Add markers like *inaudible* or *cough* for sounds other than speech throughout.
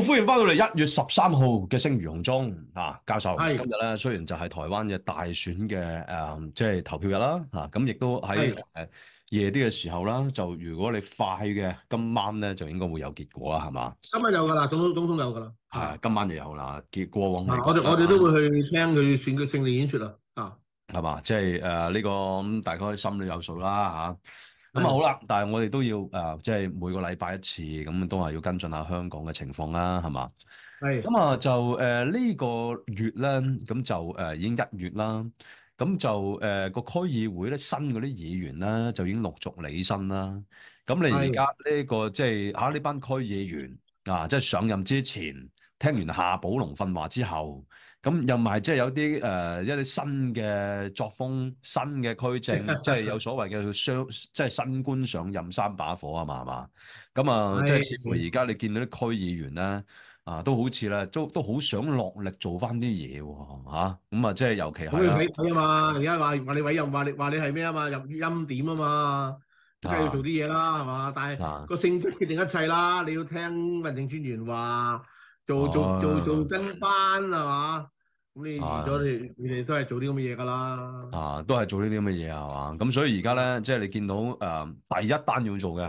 歡迎翻到嚟一月十三號嘅聲如洪鍾教授。係的今日咧，雖然就係台灣嘅大選嘅誒、呃，即係投票日啦。吓、啊、咁，亦都喺夜啲嘅時候啦。就如果你快嘅，今晚咧就應該會有結果啦，係嘛、啊？今晚有噶啦，總統總統有噶啦。今晚就有啦，結過往。我哋我哋都會去聽佢選舉勝利演說啦。啊，係嘛，即係誒呢個咁，大概是心裏有數啦。啊咁啊好啦，但係我哋都要即係、呃就是、每個禮拜一次，咁都係要跟進下香港嘅情況啦，係嘛？咁啊是的 就誒呢、呃這個月咧，咁就誒、呃、已經一月啦。咁就誒個、呃、區議會咧，新嗰啲議員咧，就已經陸續履新啦。咁你而家呢個是的 即係嚇呢班區議員啊，即、就、係、是、上任之前，聽完夏寶龍訓話之後。咁又唔係即係有啲誒一啲、呃、新嘅作風、新嘅區政，即係 *laughs* 有所謂嘅雙即係、就是、新官上任三把火啊嘛，係嘛？咁啊，即係似乎而家你見到啲區議員咧啊，都好似啦，都都好想落力做翻啲嘢喎。咁啊，啊即係尤其係，咁要睇啊嘛。而家話話你委任話你話你係咩啊嘛？入欽點啊嘛，梗係要做啲嘢啦，係嘛、啊？但係個性決定一切啦。你要聽民政專員話做做、啊、做做跟班係嘛？咁你而家你哋都係做啲咁嘅嘢噶啦，啊，都係做呢啲咁嘅嘢啊嘛，咁所以而家咧，即係你見到誒、呃、第一單要做嘅，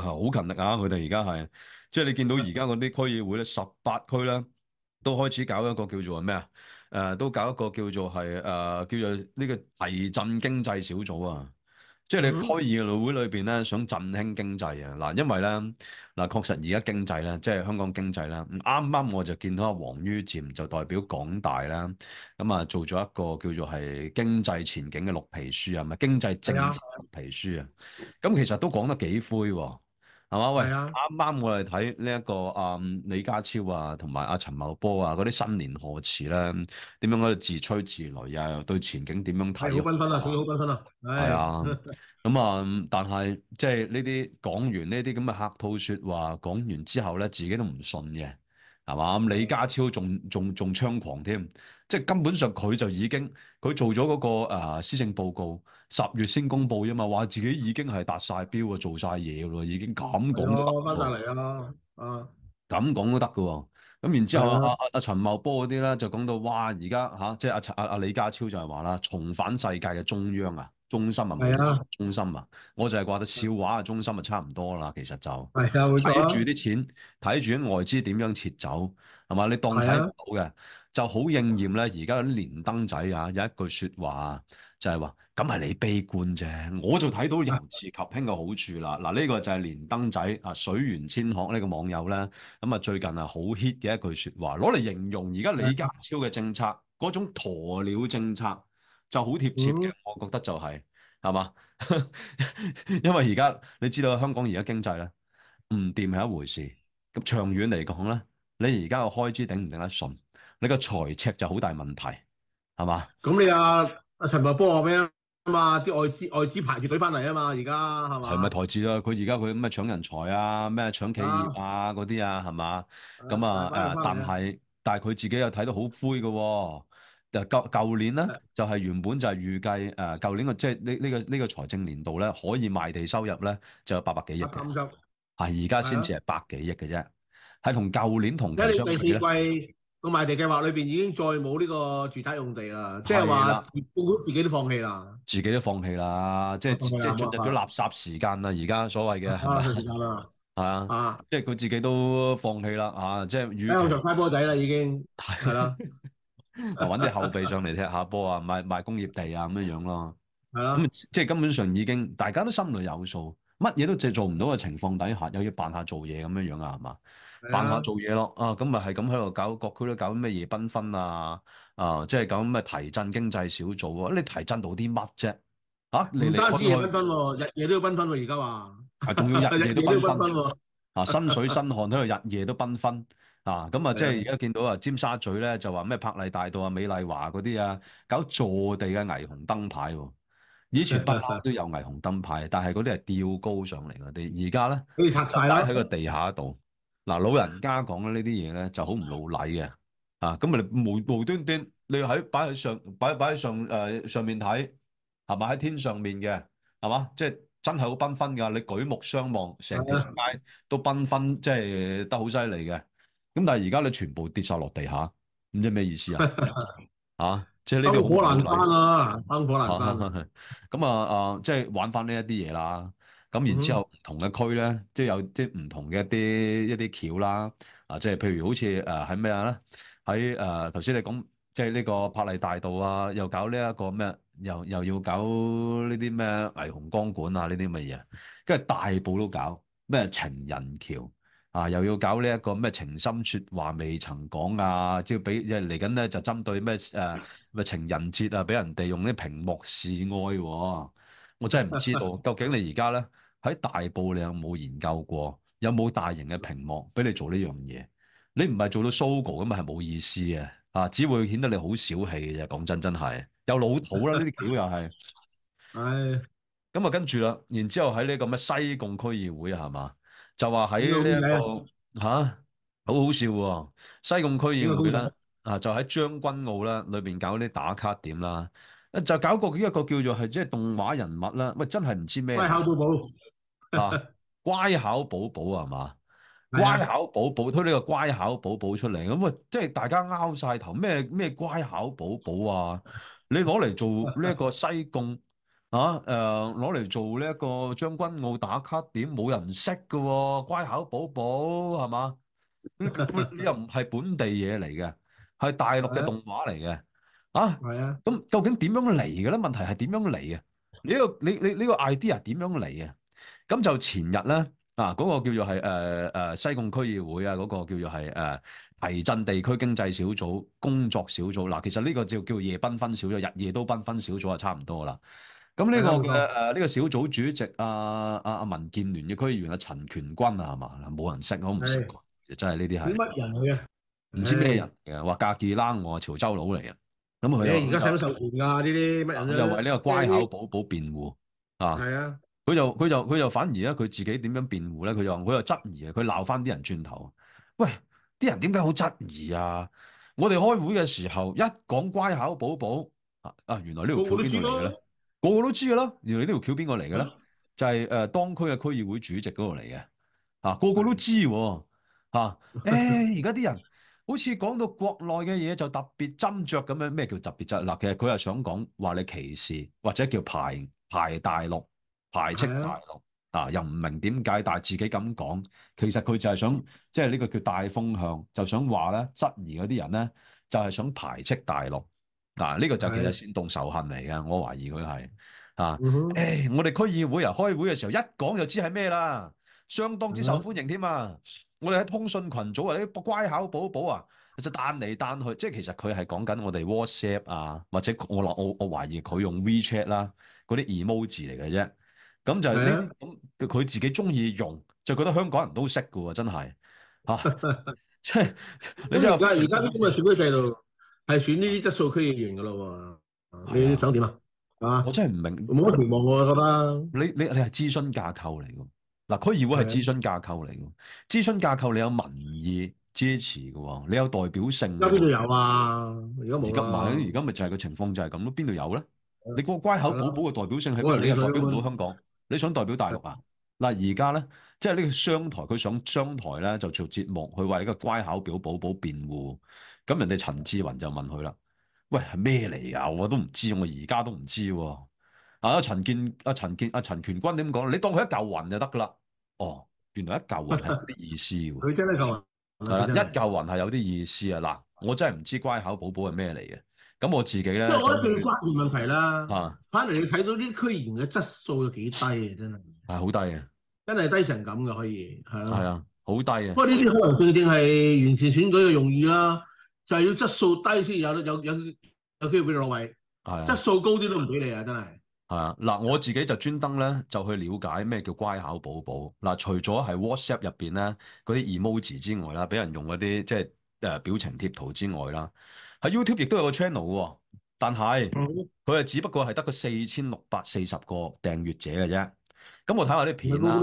好、呃、勤力啊！佢哋而家係，即係你見到而家嗰啲區議會咧，十八區咧都開始搞一個叫做咩啊？誒、呃，都搞一個叫做係誒、呃，叫做呢個地震經濟小組啊！即係你開議會裏邊咧，想振興經濟啊！嗱，因為咧，嗱，確實而家經濟咧，即係香港經濟呢，啱啱我就見到阿王于漸就代表港大啦，咁啊做咗一個叫做係經濟前景嘅綠皮書啊，唔係經濟政策的綠皮書啊，咁其實都講得幾灰喎。係嘛？喂，啱啱、啊、我哋睇呢一個阿、嗯、李家超啊，同埋阿陳茂波啊，嗰啲新年賀詞咧，點樣嗰度自吹自擂、啊，又對前景點樣睇、啊？好繽紛啊，佢好繽紛啊！係啊，咁啊， *laughs* 但係即係呢啲講完呢啲咁嘅客套説話，講完之後咧，自己都唔信嘅，係嘛？李家超仲仲仲猖狂添，即、就、係、是、根本上佢就已經佢做咗嗰、那個施、啊、政報告。十月先公布啫嘛，話自己已經係達晒標啊，做晒嘢咯，已經咁講都得。翻晒嚟啦，啊咁講都得噶。咁然之後阿阿、啊啊、陳茂波嗰啲咧，就講到哇，而家吓即係阿阿阿李家超就係話啦，重返世界嘅中央啊，中心啊，中心啊。啊我就係話得笑話啊，中心就差唔多啦。其實就睇住啲錢，睇住啲外資點樣撤走，係嘛？你當睇唔到嘅。就好應驗咧，而家啲連登仔啊，有一句説話就係話：咁係你悲觀啫，我就睇到由治及興嘅好處啦。嗱的，呢個就係連登仔啊，的水源千學呢個網友咧，咁啊最近啊好 hit 嘅一句說話，攞嚟的形容而家李家超嘅政策嗰種鴕鳥政策就好貼切嘅，嗯、我覺得就係係嘛， *laughs* 因為而家你知道香港而家經濟咧唔掂係一回事，咁長遠嚟講咧，你而家嘅開支頂唔頂得順？你個財赤就好大問題，係嘛？咁你阿阿陳茂波話咩啊？嘛，啲外資外資排住隊翻嚟啊嘛，而家係嘛？係咪台資啊？佢而家佢咁啊搶人才啊，咩搶企業啊嗰啲啊，係嘛、啊？咁啊誒，但係但係佢自己又睇得好灰嘅喎、啊。的就舊舊年咧，就係原本就係預計誒舊年嘅，即係呢呢個呢、這個財政年度咧，可以賣地收入咧就有八百幾億嘅。五十啊！50? 而家先至係百幾億嘅啫，係同舊年同期個賣地計劃裏邊已經再冇呢個住宅用地啦，即係話自己都放棄啦，自己都放棄啦，即係即係進入咗垃圾時間啦，而家所謂嘅係啦，係啊，啊，即係佢自己都放棄啦，啊，即係與誒，我做嘥波仔啦，已經係啦，搵啲後備上嚟踢下波啊，賣賣工業地啊，咁樣樣咯，係啦，咁即係根本上已經大家都心裏有數，乜嘢都即係做唔到嘅情況底下，又要扮下做嘢咁樣樣啊，係嘛？啊、辦法做嘢咯，啊，咁咪係咁喺度搞，各區都搞咩嘢繽紛啊，啊即係、就是、搞咩提振經濟小組喎，你提振到啲乜啫？嚇、啊，你單止夜繽紛喎，日夜都要繽紛喎，而家話係仲要日夜都繽紛喎。啊，身水身汗喺度日夜都繽紛啊，咁啊，即係而家見到啊尖沙咀咧就話咩柏麗大道啊、美麗華嗰啲啊，搞坐地嘅霓虹燈牌喎。以前北角都有霓虹燈牌，啊、但係嗰啲係吊高上嚟嗰啲，而家咧，佢拆晒啦，喺個地下度。嗱，老人家講嘅呢啲嘢咧就好唔老禮嘅。啊咁你無無端端你喺擺喺上擺擺喺上誒、呃、上面睇，係咪喺天上面嘅，係嘛，即係真係好繽紛噶，你舉目相望成條街都繽紛，即、就、係、是、得好犀利嘅。咁但係而家你全部跌晒落地下，唔知咩意思啊？嚇、 *laughs* 啊，即係呢個好難。生火難擔啊，生火難擔。咁啊啊，即係、啊啊啊就是、玩翻呢一啲嘢啦。咁、嗯、然之後同區呢，唔同嘅區咧，即係有即係唔同嘅一啲一啲橋啦，啊，即、就、係、是、譬如好似誒喺咩啊咧，喺誒頭先你講即係呢個柏麗大道啊，又搞呢一個咩，又又要搞呢啲咩霓虹光管啊，呢啲乜嘢，跟住大埔都搞咩情人橋啊，又要搞呢一個咩情深説話未曾講啊，即係俾即係嚟緊咧就針對咩誒咪情人節啊，俾人哋用啲屏幕示愛喎、啊，我真係唔知道 *laughs* 究竟你而家咧。喺大埔你有冇研究過？有冇大型嘅屏幕俾你做呢樣嘢？你唔係做到 sogo 咁啊，係冇意思嘅啊，只會顯得你好小氣嘅啫。講真，真係有老土啦，呢啲橋又係係咁啊。跟住啦，然之後喺呢個咩西貢區議會係嘛， *laughs* 就話喺呢吓好好笑喎。西貢區議會啦啊，就喺將軍澳啦，裏邊搞啲打卡點啦，就搞過一個叫做係即係動畫人物啦。喂，真係唔知咩？ *laughs* 啊！乖巧寶寶係嘛？乖巧寶寶推呢個乖巧寶寶出嚟，咁、嗯、啊，即係大家拗晒頭咩咩乖巧寶寶啊？你攞嚟做呢一個西貢啊？誒、呃，攞嚟做呢一個將軍澳打卡點，冇人識噶、啊，乖巧寶寶係嘛？咁你 *laughs* 又唔係本地嘢嚟嘅，係大陸嘅動畫嚟嘅，啊？係啊。咁究竟點樣嚟嘅咧？問題係點樣嚟啊？呢個你你呢個 idea 點樣嚟啊？咁就前日咧，啊、那、嗰個叫做係誒誒西貢區議會啊，嗰、那個叫做係誒提振地區經濟小組工作小組。嗱，其實呢個叫叫夜繽紛小組，日夜都繽紛小組啊，差唔多啦。咁呢個嘅誒呢個小組主席啊，阿、啊、阿民建聯嘅區議員啊，陳權軍啊，係嘛？冇人識，我唔識，識是真係呢啲係。乜人去啊？唔知咩人嘅，話隔籬啦，我潮州佬嚟嘅。咁佢而家想受權㗎、啊、呢啲乜人？又為呢個乖巧寶寶辯護些啊！係啊！佢就佢就佢就反而咧，佢自己點樣辯護咧？佢就佢又質疑啊！佢鬧返啲人轉頭，喂！啲人點解好質疑啊？我哋開會嘅時候一講乖巧寶寶啊啊！原來呢條橋邊個嚟嘅咧？個個都知嘅咯。原來,來呢條橋邊個嚟嘅咧？就係、是、誒、呃，當區嘅區議會主席嗰度嚟嘅啊！個個都知吓。誒、啊，而家啲人好似講到國內嘅嘢就特別斟酌咁樣，咩叫特別質嗱？其實佢係想講話你歧視或者叫排排大陸。排斥大陸的啊，又唔明點解，但係自己咁講，其實佢就係想即係呢個叫大風向，就想話咧質疑嗰啲人咧就係、是、想排斥大陸嗱。呢、啊這個就其實煽動仇恨嚟嘅，的我懷疑佢係啊。誒、嗯哼哎，我哋區議會啊，開會嘅時候一講就知係咩啦，相當之受歡迎添啊。嗯、哼我哋喺通訊群組啊，啲乖巧寶寶啊就彈嚟彈去，即係其實佢係講緊我哋 WhatsApp 啊，或者我我我懷疑佢用 WeChat 啦、啊、嗰啲 emoji 嚟嘅啫。咁就係咁，佢自己中意用，就覺得香港人都識嘅喎，真係吓，即係你而家而家啲咁嘅選舉制度，係選呢啲質素區議員嘅咯，你想點啊？啊！我真係唔明，冇乜期望我覺得。你你你係諮詢架構嚟嘅，嗱，區議會係諮詢架構嚟嘅，諮詢架構你有民意支持嘅喎，你有代表性。而家邊度有啊？而家冇。而家咪而家咪就係個情況就係咁咯，邊度有咧？你個乖巧寶寶嘅代表性喺邊度，你又代表唔到香港。你想代表大陸啊？嗱，而家咧，即係呢個商台，佢想商台咧就做節目，佢為一個乖巧表寶寶辯護。咁人哋陳志雲就問佢啦，喂，咩嚟啊？我都唔知，我而家都唔知喎、啊。啊，陳健，阿、啊、陳健，阿、啊、陳權軍點講？你當佢一嚿雲就得㗎啦。哦，原來一嚿雲係有啲意思喎。佢即係呢嚿雲，一嚿雲係有啲意思啊！嗱，我真係唔知乖巧寶寶係咩嚟嘅。咁我自己咧，即係我覺得最關鍵問題啦。啊，翻嚟你睇到啲區議員嘅質素有幾低啊，真係係好低，低啊，真係低成咁嘅可以係啊，係啊，好低啊。不過呢啲可能正正係完全選舉嘅用意啦，就係、係、要質素低先有有有有機會俾你攞位。係啊，質素高啲都唔俾你啊，真係係啊。嗱，我自己就專登咧就去了解咩叫乖巧寶寶嗱，除咗係 WhatsApp 入邊咧嗰啲 emoji 之外啦，俾人用嗰啲即係誒、呃、表情貼圖之外啦。喺 YouTube 亦都有個 channel 喎，但係佢係，只不過係得個四千六百四十個訂閱者嘅啫。咁我睇下啲片啦，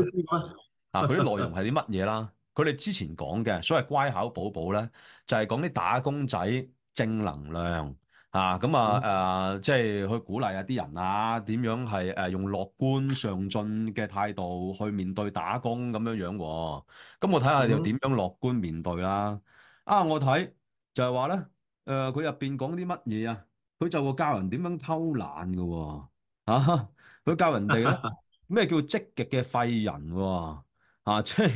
啊，佢啲內容係啲乜嘢啦？佢哋 *laughs* 之前講嘅所謂乖巧寶寶咧，就係、是、講啲打工仔正能量啊，咁啊，誒、呃，即、就、係、是、去鼓勵一啲人啊，點樣係誒用樂觀上進嘅態度去面對打工咁樣樣喎。咁我睇下又點樣樂觀面對啦？啊，我睇就係話咧。誒，佢入邊講啲乜嘢啊？佢就會教人點樣偷懶嘅吓，佢、啊、教人哋咧咩叫積極嘅廢人、啊？吓、啊，即係誒，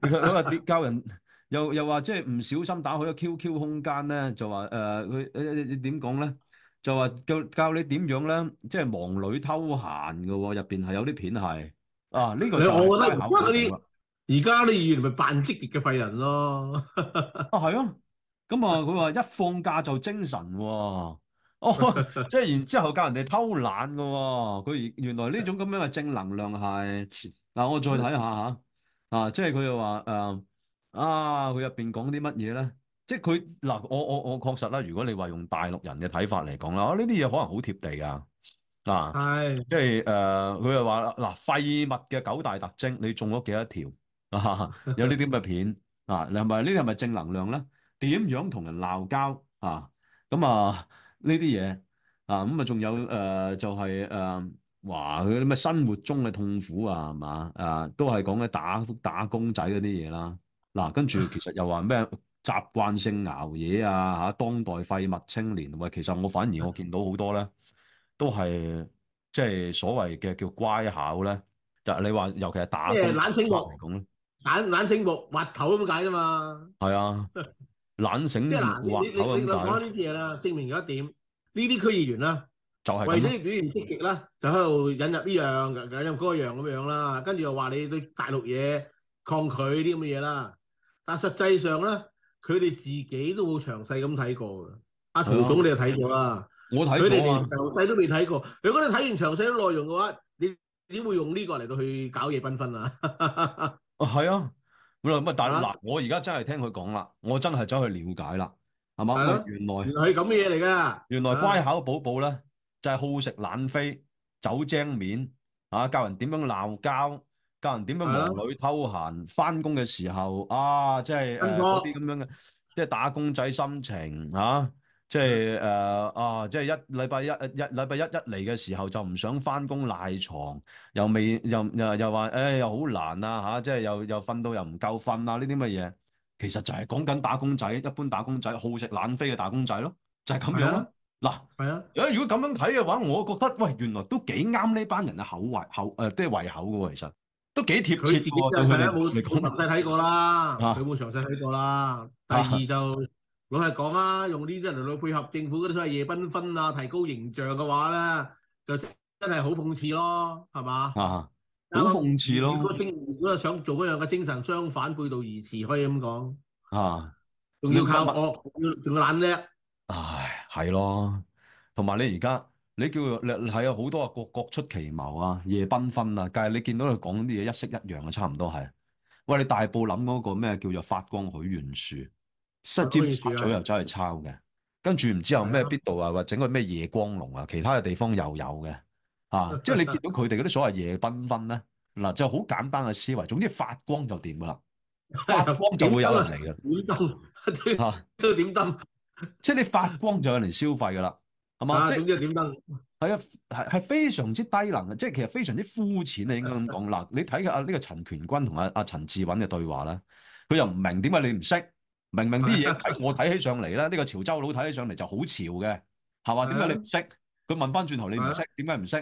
佢、呃、話 *laughs* 教人又又話即係唔小心打開個 Q Q 空間咧，就話誒佢誒誒點講咧？就話教教你點樣咧？即係忙裏偷閒嘅，入邊係有啲片係啊。呢、啊這個就我覺得啲而家啲演員咪扮積極嘅廢人咯。 *laughs* 啊，係咁啊！佢話 *laughs* 一放假就精神喎、哦，哦，即係、 *laughs* 哦就是、然之後教人哋偷懶嘅喎、哦。佢原原來呢種咁樣嘅正能量係。嗱，我再睇下吓，啊，即係佢又話誒啊，佢入邊講啲乜嘢咧？即係佢嗱，我我我確實啦。如果你話用大陸人嘅睇法嚟講啦，呢啲嘢可能好貼地啊。嗱、 *laughs* 就是，即係誒，佢又話啦嗱，廢物嘅九大特徵，你中咗幾多條啊？有呢啲咁嘅片啊？你係咪呢啲係咪正能量咧？點樣同人鬧交啊？咁啊呢啲嘢啊咁啊，仲、啊、有誒、呃、就係誒話佢啲咩生活中嘅痛苦啊，係嘛啊，都係講緊打打工仔嗰啲嘢啦。嗱、啊，跟住其實又話咩習慣性熬夜啊，嚇、啊、當代廢物青年，喂，其實我反而我見到好多咧，都係即係所謂嘅叫乖巧咧，就你話尤其係打工仔咁，眼冷醒目，滑頭咁解啫嘛，係啊。 *laughs* 懶醒，即係話，你你你講開呢啲嘢啦，證明咗一點，呢啲區議員啦、啊，就係為咗表現積極啦，就喺度引入呢樣，引入嗰樣咁樣啦，跟住又話你對大陸嘢抗拒啲咁嘅嘢啦，但係實際上咧，佢哋自己都好詳細咁睇過阿曹、啊啊、總你又睇過啦，我睇佢哋連詳細都未睇過。如果你睇完詳細嘅內容嘅話，你點會用呢個嚟到去搞嘢繽紛啦。哦，係啊。咁啊，咁啊，大佬嗱，我而家真係聽佢講啦，我真係走去了解啦，係嘛？啊、原來原來係咁嘅嘢嚟㗎。啊、原來乖巧寶寶咧，就係、是、好食懶飛，走精面啊，教人點樣鬧交，教人點樣忙裡偷閒，翻工嘅時候啊，即係嗰啲咁樣嘅，即、就、係、是、打工仔心情嚇。啊即係誒、呃、啊！即係一禮拜一一,一一禮拜一一嚟嘅時候就唔想翻工賴床又未又又、哎、又話誒又好難啊嚇、啊！即係又又瞓到又唔夠瞓啊呢啲乜嘢？其實就係講緊打工仔，一般打工仔好食懶飛嘅打工仔咯，就係、是、咁樣咯嗱。係啊。誒啦，啊、如果咁樣睇嘅話，我覺得喂，原來都幾啱呢班人嘅口，口、呃、胃口誒，即係胃口嘅喎，其實都幾貼切喎。佢冇詳細睇過啦，佢冇詳細睇過啦。第二就。啊老實講啊，用呢啲嚟到配合政府嗰啲所謂夜繽紛啊，提高形象嘅話咧，就真係好諷刺咯，係嘛？啊，好諷刺咯！如果政如果想做嗰樣嘅精神相反、背道而馳，可以咁講。啊，仲要靠惡，仲不要懶叻。唉，係咯。同埋你而家，你叫你係啊，有好多啊，各各出奇謀啊，夜繽紛啊，但係你見到佢講啲嘢一式一樣啊，差唔多係、啊。喂，你大埔諗嗰個咩叫做發光許願樹？失之左又走去抄嘅，跟住唔知有咩必度啊？或整個咩夜光龍啊？其他嘅地方又有嘅，啊！即係你見到佢哋嗰啲所謂夜繽紛咧，嗱就好簡單嘅思維。總之發光就掂噶啦，發光就會有人嚟嘅，啊。都點燈，即係你發光就有人嚟消費噶啦，係嘛，啊？總之點燈係啊，係係非常之低能嘅，即係其實非常之膚淺你應該咁講嗱，你睇下呢個陳權軍同阿阿陳志允嘅對話咧，佢又唔明點解你唔識。明明啲嘢 *laughs* 我睇起上嚟啦，呢、這個潮州佬睇起上嚟就好潮嘅，係嘛？點解 *laughs* 你唔識？佢問翻轉頭，你唔識，點解唔識？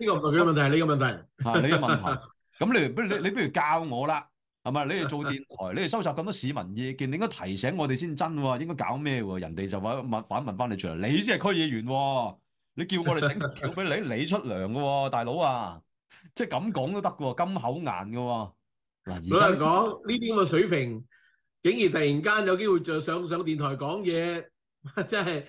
呢個唔係佢嘅問題，係你嘅問題，係 *laughs* 你嘅問題。咁你不如你你，你不如教我啦，係咪？你哋做電台，你哋收集咁多市民意見，你應該提醒我哋先真喎，應該搞咩喎？人哋就反反問翻你出嚟，你先係區議員喎、啊，你叫我哋整個橋俾你，你 *laughs* 出糧嘅喎，大佬啊，即係咁講都得嘅喎，金口眼嘅喎、啊。嗱，冇人講呢啲咁嘅水平。竟然突然間有機會上上上電台講嘢，真係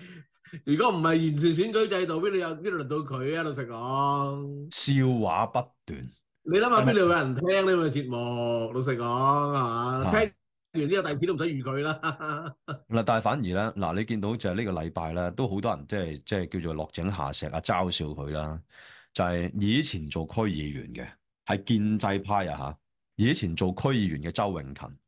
如果唔係完善選舉制度，邊度有邊度輪到佢啊？老實講，笑話不斷。你諗下邊度有人聽呢個節目？是是老實講啊，的聽完呢個大片都唔使預佢啦。嗱，但係反而咧，嗱你見到就係呢個禮拜咧，都好多人即係即係叫做落井下石啊，嘲笑佢啦。就係、是、以前做區議員嘅係建制派啊吓，以前做區議員嘅周永勤。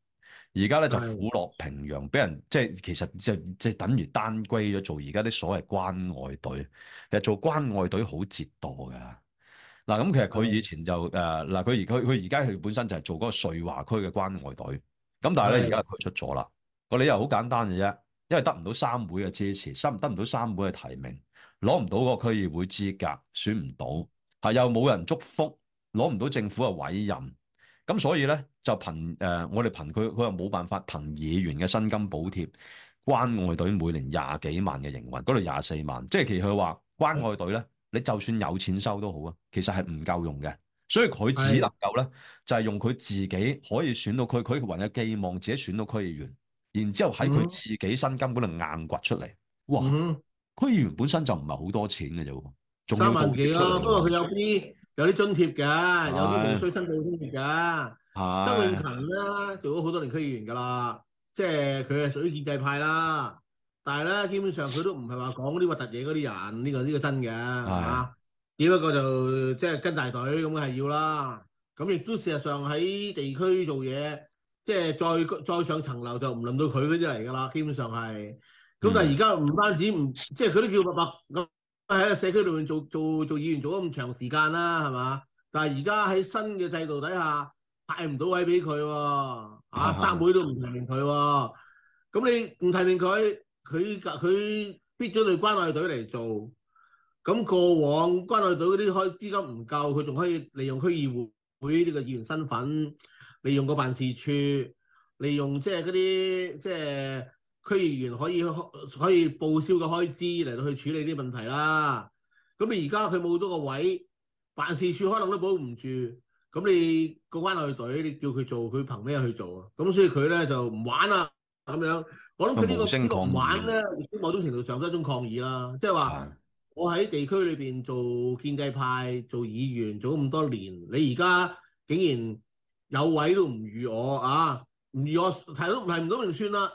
而家咧就虎落平陽，俾人即係其實就即係等於單歸咗做而家啲所謂關愛隊。其實做關愛隊好折墮㗎。嗱咁其實佢以前就誒嗱佢而佢佢而家佢本身就係做嗰個瑞華區嘅關愛隊。咁但係咧而家佢出咗啦。個理由好簡單嘅啫，因為得唔到三會嘅支持，得唔得唔到三會嘅提名，攞唔到嗰個區議會資格，選唔到，係又冇人祝福，攞唔到政府嘅委任。咁所以咧就憑誒、呃、我哋憑佢，佢又冇辦法憑議員嘅薪金補貼關愛隊每年廿幾萬嘅營運，嗰度廿四萬，即係其實佢話關愛隊咧，你就算有錢收都好啊，其實係唔夠用嘅，所以佢只能夠咧是的 就係用佢自己可以選到佢，佢還有寄望自己選到區議員，然之後喺佢自己薪金嗰度硬掘出嚟。哇！嗯、哼 區議員本身就唔係好多錢嘅啫喎，三萬幾咯，不過佢有啲。有啲津貼嘅，有啲名區新抱津貼嘅。周永勤啦，做咗好多年區議員噶啦，即係佢係屬於建制派啦。但係咧，基本上佢都唔係話講嗰啲核突嘢嗰啲人，呢、呢個呢、呢個真嘅。的啊，只不過就即係跟大隊咁係要啦。咁亦都事實上喺地區做嘢，即係再再上層樓就唔輪到佢嗰啲嚟㗎啦。基本上係。咁但係而家唔單止唔，嗯、即係佢都叫白白喺社區裏面做做做議員做咗咁長時間啦，係嘛？但係而家喺新嘅制度底下派唔到位俾佢，啊，阿，啊，三妹都唔提名佢，啊，咁你唔提名佢，佢佢逼咗你關愛隊嚟做，咁過往關愛隊嗰啲開資金唔夠，佢仲可以利用區議會呢個議員身份，利用個辦事處，利用即係嗰啲即係。區議員可以開可以報銷嘅開支嚟到去處理啲問題啦。咁你而家佢冇咗個位，辦事處可能都保唔住。咁你、個關愛隊，你叫佢做，佢憑咩去做啊？咁所以佢咧就唔玩啦。咁樣，我諗佢、這個、呢個呢個玩咧，都某種程度上都一種抗議啦。即係話我喺地區裏邊做建制派，做議員做咁多年，你而家竟然有位都唔預我啊？唔預我係都係唔到明算啦。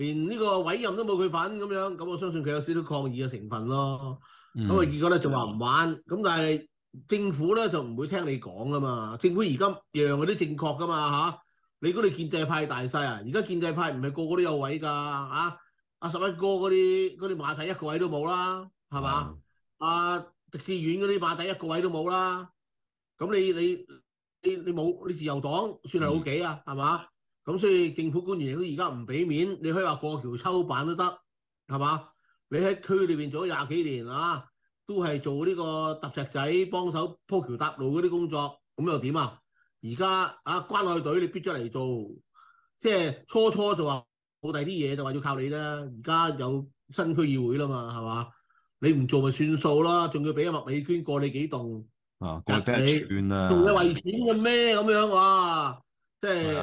連呢個委任都冇佢份咁樣，咁我相信佢有少少抗議嘅成分咯。咁啊、嗯、結果咧就話唔玩，咁的但係政府咧就唔會聽你講噶嘛。政府而家樣樣都正確噶嘛嚇、啊。你講你建制派大曬啊？而家建制派唔係個個都有位噶啊。阿十一哥嗰啲嗰啲馬仔一個位都冇啦，係嘛哇？阿狄志遠嗰啲馬仔一個位都冇啦。咁你你你你冇你自由黨算係老幾啊？係嘛、嗯？係嘛？咁所以政府官員亦都而家唔俾面，你可以話過橋抽板都得，係嘛？你喺區裏邊做廿幾年啊，都係做呢個揼石仔、幫手鋪橋搭路嗰啲工作，咁又點啊？而家啊關愛隊你逼咗嚟做，即係初初就話冇第啲嘢，就話要靠你啦。而家有新區議會啦嘛，係嘛？你唔做咪算數啦，仲要俾麥美娟過你幾棟啊？過全啊得你棟你為錢嘅咩咁樣哇、啊？即係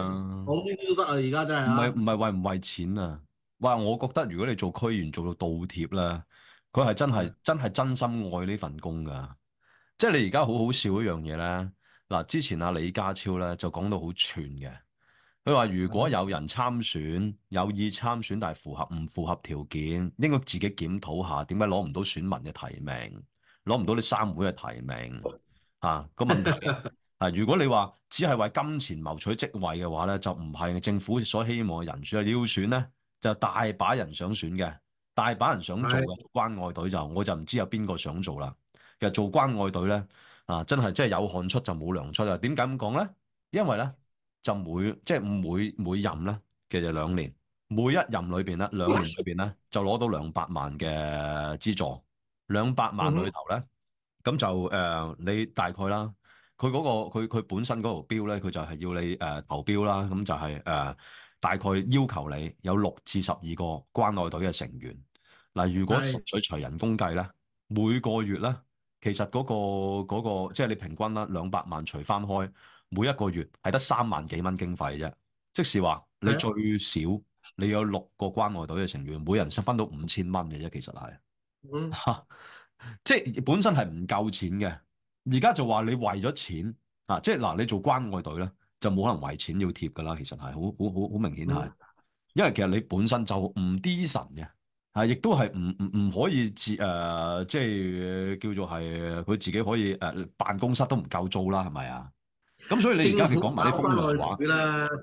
講啲都得啊！而家真係唔係唔係為唔為錢啊？哇我覺得如果你做區員做到倒貼啦，佢係真係真係真心愛呢份工噶。即係你而家好好笑的一樣嘢咧，嗱之前阿李家超咧就講到好串嘅，佢話如果有人參選有意參選，但係符合唔符合條件，應該自己檢討下點解攞唔到選民嘅提名，攞唔到你三會嘅提名啊個問題。 *laughs* 啊！如果你話只係為金錢謀取職位嘅話咧，就唔係政府所希望嘅人選。要選咧，就大把人想選嘅，大把人想做嘅關愛隊就，我就唔知有邊個想做啦。其實做關愛隊咧，啊，真係真係有汗出就冇糧出啊！點解咁講咧？因為咧就每即係、就是、每每任咧，其實兩年，每一任裏邊咧，兩年裏邊咧，就攞到兩百萬嘅資助，兩百萬裏頭咧，咁、嗯、哼就誒、呃、你大概啦。佢嗰佢佢本身嗰個標咧，佢就係要你誒、呃、投標啦。咁就係、是、誒、呃、大概要求你有六至十二個關愛隊嘅成員。嗱、呃，如果除除人工計咧，每個月咧，其實嗰、那個、那個、即係你平均啦兩百萬除翻開，每一個月係得三萬幾蚊經費啫。即係話你最少你有六個關愛隊嘅成員，每人分到五千蚊嘅啫，其實係嚇， *laughs* 即係本身係唔夠錢嘅。而家就話你為咗錢啊，即係嗱，你做關愛隊咧，就冇可能為錢要貼噶啦。其實係好好好好明顯係，因為其實你本身就唔啲神嘅，啊，亦都係唔唔唔可以自誒、呃，即係叫做係佢自己可以誒、呃，辦公室都唔夠租啦，係咪啊？咁所以你而家你講埋啲瘋狂話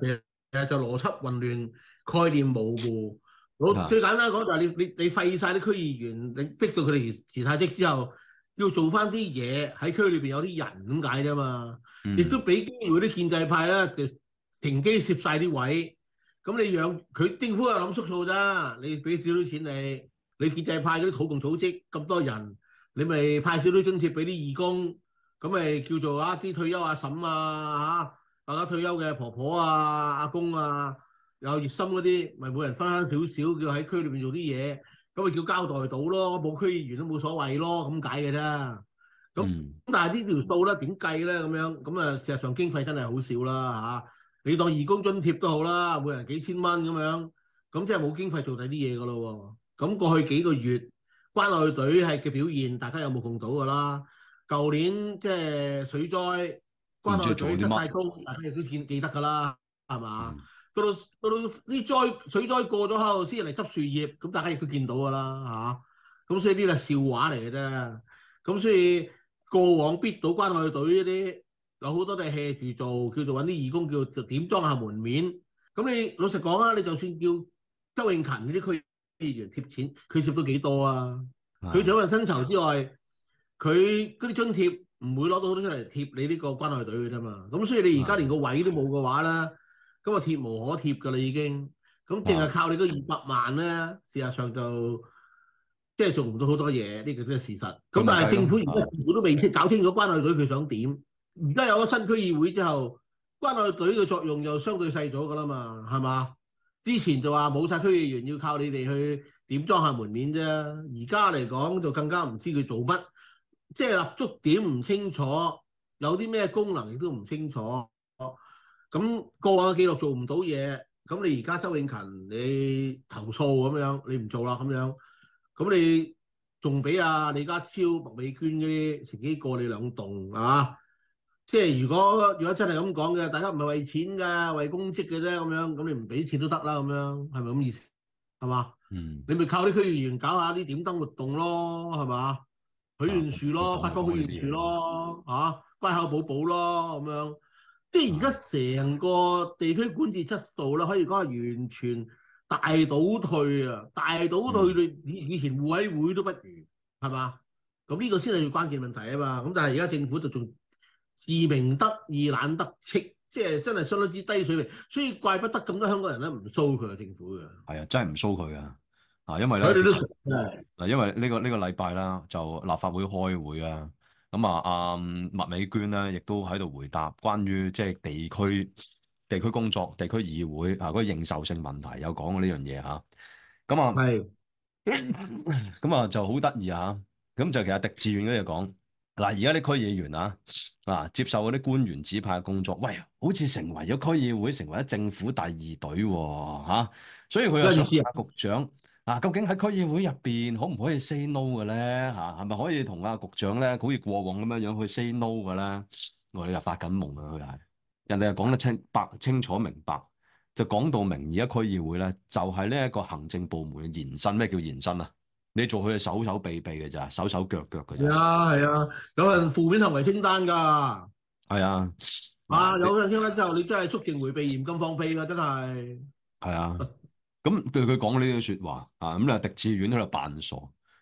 咧，其實就邏輯混亂、概念模糊。的最簡單講就係你你你廢曬啲區議員，你逼到佢哋辭曬職之後。要做翻啲嘢喺區裏邊有啲人咁解啫嘛，亦都俾機會啲建制派就停機攝晒啲位。咁你養佢政府又諗縮數咋？你俾少少錢你，你建制派嗰啲土共組織咁多人，你咪派少少津貼俾啲義工。咁咪叫做啊啲退休阿嬸啊嚇、啊，大家退休嘅婆婆啊阿公啊，有熱心嗰啲，咪每人分翻少少，叫喺區裏邊做啲嘢。咁咪叫交代到咯，冇區議員都冇所謂咯，咁解嘅啫。咁咁但係呢條數咧點計咧？咁樣，咁啊事實上經費真係好少啦嚇。你當義工津貼都好啦，每人幾千蚊咁樣，咁即係冇經費做第啲嘢噶咯。咁過去幾個月關愛隊係嘅表現，大家有冇見到㗎啦？舊年即係水災關愛隊太空，大家有冇見記得㗎啦？係嘛？到到呢災水災過咗後，先人嚟執樹葉，咁大家亦都見到㗎啦嚇。咁所以啲係笑話嚟嘅啫。咁所以過往必到關愛隊嗰啲，有好多都係 hea 住做，叫做搵啲義工，叫做點裝下門面。咁你老實講啊，你就算叫周永勤嗰啲區議員貼錢，佢貼到幾多啊？佢的除咗份薪酬之外，佢嗰啲津貼唔會攞到好多出嚟貼你呢個關愛隊㗎嘛。咁所以你而家連個位都冇嘅話咧～咁啊，貼無可貼㗎啦，已經。咁淨係靠你個二百萬咧，啊、事實上就即係做唔到好多嘢，呢、呢個都係事實。咁、嗯、但係政府而家的都未搞清楚關愛隊佢想點。而家有咗新區議會之後，關愛隊嘅作用又相對細咗㗎啦嘛，係嘛？之前就話冇晒區議員要靠你哋去點裝下門面啫。而家嚟講就更加唔知佢做乜，即係立足點唔清楚，有啲咩功能亦都唔清楚。咁過往嘅記錄做唔到嘢，咁你而家周永勤你投訴咁樣，你唔做啦咁樣，咁你仲俾阿李家超、麥美娟嗰啲乘幾過你兩棟係嘛？即係如果如果真係咁講嘅，大家唔係為錢㗎，為公職嘅啫，咁樣咁你唔俾錢都得啦，咁樣係咪咁意思？係嘛？嗯，你咪靠啲區議員搞下啲點燈活動咯，係嘛？許願樹咯，發多、嗯、許願樹咯，嚇乖巧寶寶咯，咁樣。即係而家成個地區管治質素咧，可以講係完全大倒退啊！大倒退到以以前互委會都不如，係嘛、嗯？咁呢個先係最關鍵問題啊嘛！咁但係而家政府就仲自鳴得意，懶得戚，即係真係相當之低水平，所以怪不得咁多香港人咧唔蘇佢啊！政府嘅，係啊，真係唔蘇佢啊！啊，因為咧，嗱，實的因為呢、呢個呢、呢個禮拜啦，就立法會開會啊。咁啊，阿麥美娟咧，亦都喺度回答關於即係地區地區工作、地區議會啊嗰個認受性問題，是的 有講過呢樣嘢嚇。咁啊，係，咁啊就好得意嚇。咁就其實狄志遠嗰啲講嗱，而家啲區議員啊，啊接受嗰啲官員指派嘅工作，喂，好似成為咗區議會，成為咗政府第二隊喎嚇。所以佢又想局長。嗱、啊，究竟喺區議會入邊可唔可以 say no 嘅咧？嚇、啊，係咪可以同阿局長咧，好似過往咁樣樣去 say no 嘅咧？我哋又發緊夢㗎佢係，人哋又講得清白清楚明白，就講到明而家區議會咧，就係呢一個行政部門嘅延伸。咩叫延伸啊？你做佢嘅手手臂臂嘅咋，手手腳腳嘅咋？係啊係啊，有人負面行為清單㗎。係啊，啊你有清單之後你真係促刑回避嚴禁、不那放屁啦，真係。係啊。 *laughs* 咁對佢講呢啲説話，啊咁咧，狄志遠喺度扮傻，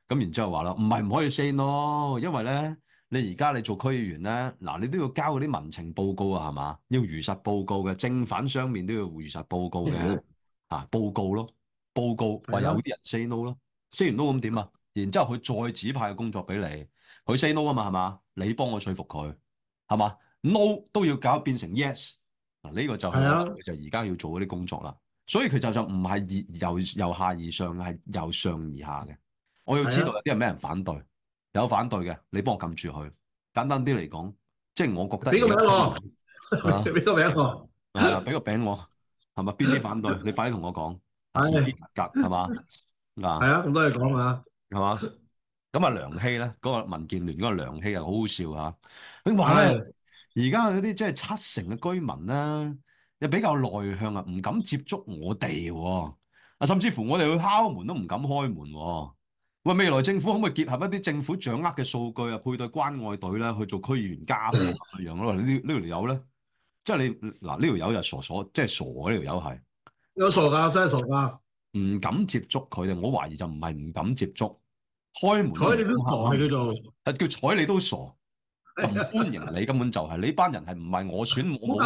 咁然之後話啦，唔係唔可以 say no，因為咧，你而家你做區議員咧，嗱你都要交嗰啲民情報告啊，係嘛，要如實報告嘅，正反雙面都要如實報告嘅，Yeah. 啊報告咯，報告話有啲人 say no 咯 Yeah .，say 完 no 咁點啊？然之後佢再指派嘅工作俾你，佢 say no 啊嘛，係嘛？你幫我説服佢，係嘛？no 都要搞變成 yes，嗱，呢個就係 Yeah. 就而家要做嗰啲工作啦。所以佢就就唔係由由下而上，係由上而下嘅。我要知道有啲人咩人反對，的有反對嘅，你幫我撳住佢。簡單啲嚟講，即係我覺得俾個名我，俾個名我，係啊，俾個餅我，係咪邊啲反對？你快啲同我講，格係嘛嗱？係啊吧，咁多嘢講啊，係嘛？咁啊，梁希咧，嗰、嗰個民建聯嗰個梁希又好、嗰個、好笑啊。佢話咧而家嗰啲即係七成嘅居民咧。又比較內向啊，唔敢接觸我哋喎，啊，甚至乎我哋去敲門都唔敢開門喎。喂，未來政府可唔可以結合一啲政府掌握嘅數據啊，配對關愛隊咧去做區議員加分嘅樣咯？ *laughs* 呢呢條友咧，即係你嗱呢條友又傻傻，即係傻呢條友係。有、這個、傻噶，真係傻噶。唔敢接觸佢哋，我懷疑就唔係唔敢接觸，開門。睬你都傻喺佢度，叫睬你都傻，唔 *laughs* 歡迎你根本就係、是、你班人係唔係我選我